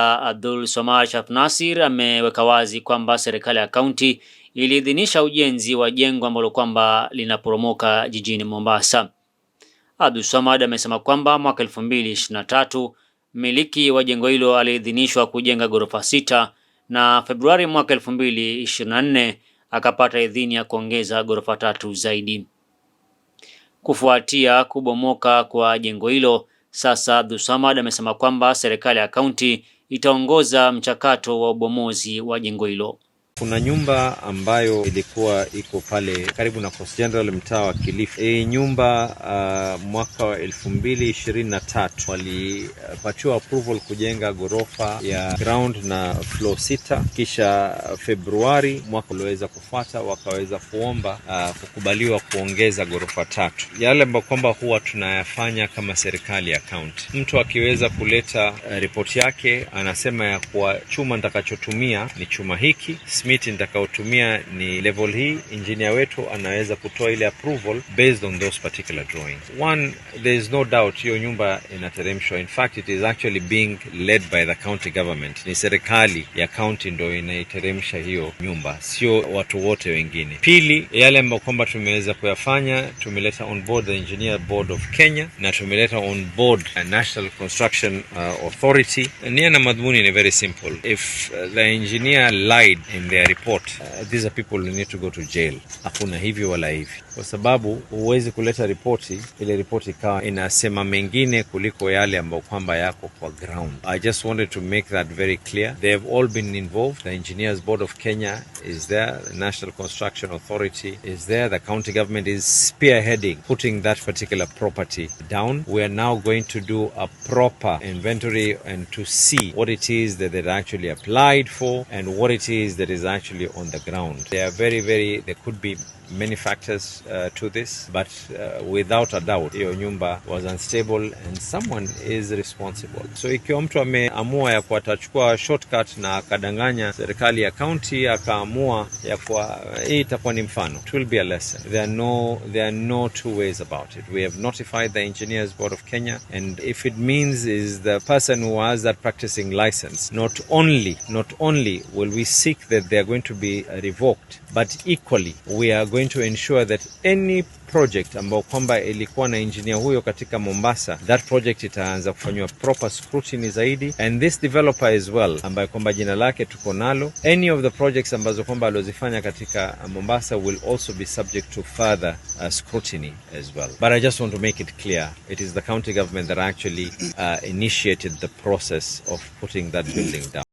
Abdul Shaf Nasir ameweka wazi kwamba serikali ya kaunti iliidhinisha ujenzi wa jengo ambalo kwamba linaporomoka jijini Mombasa. Abdul Somad amesema kwamba mwaka 2023 mmiliki wa jengo hilo aliidhinishwa kujenga ghorofa sita na Februari mwaka 2024 akapata idhini ya kuongeza ghorofa tatu zaidi. Kufuatia kubomoka kwa jengo hilo, sasa Abdul Samad amesema kwamba serikali ya kaunti itaongoza mchakato wa ubomozi wa jengo hilo. Kuna nyumba ambayo ilikuwa iko pale karibu na Coast General mtaa wa Kilifi. Hii nyumba uh, mwaka wa elfu mbili ishirini na tatu walipatiwa approval kujenga ghorofa ya ground na floor sita, kisha Februari mwaka ulioweza kufuata wakaweza kuomba uh, kukubaliwa kuongeza ghorofa tatu. Yale ambayo kwamba huwa tunayafanya kama serikali ya kaunti, mtu akiweza kuleta uh, ripoti yake anasema ya kuwa chuma nitakachotumia ni chuma hiki smiti nitakaotumia ni level hii, injinia wetu anaweza kutoa ile approval based on those particular drawings. One, there is no doubt hiyo nyumba inateremshwa. In fact it is actually being led by the county government. Ni serikali ya county ndo inaiteremsha hiyo nyumba, sio watu wote wengine. Pili, yale ambayo kwamba tumeweza kuyafanya, tumeleta on board the Engineer Board of Kenya na tumeleta on board a National Construction uh, Authority. Nia na madhumuni ni very simple. If uh, the engineer lied in their report uh, these are people who need to go to jail. Hakuna hivi wala hivi, kwa sababu huwezi kuleta ripoti ile ripoti ikawa inasema mengine kuliko yale ambayo kwamba yako kwa ground. I just wanted to make that very clear. They have all been involved. The Engineers Board of Kenya is there, the National Construction Authority is there, the county government is spearheading putting that particular property down. We are now going to do a proper inventory and to see what it is that they actually applied for and what it is that is is actually on the ground. They are very, very, there could be many factors uh, to this, but uh, without a doubt hiyo nyumba was unstable and someone is responsible. So ikiwa mtu ameamua ya kuwa atachukua shortcut na akadanganya serikali ya county akaamua ya kuwa uh, hii itakuwa ni mfano, it will be a lesson. There are no, there are no two ways about it. We have notified the Engineers Board of Kenya and if it means is the person who has that practicing license, not only, not only will we seek that they are going to be revoked, but equally we are going to ensure that any project ambayo kwamba ilikuwa na engineer huyo katika Mombasa, that project itaanza kufanyiwa proper scrutiny zaidi, and this developer as well, ambaye kwamba jina lake tuko nalo, any of the projects ambazo kwamba aliozifanya katika Mombasa will also be subject to further uh, scrutiny as well. But I just want to make it clear, it is the county government that actually uh, initiated the process of putting that building down.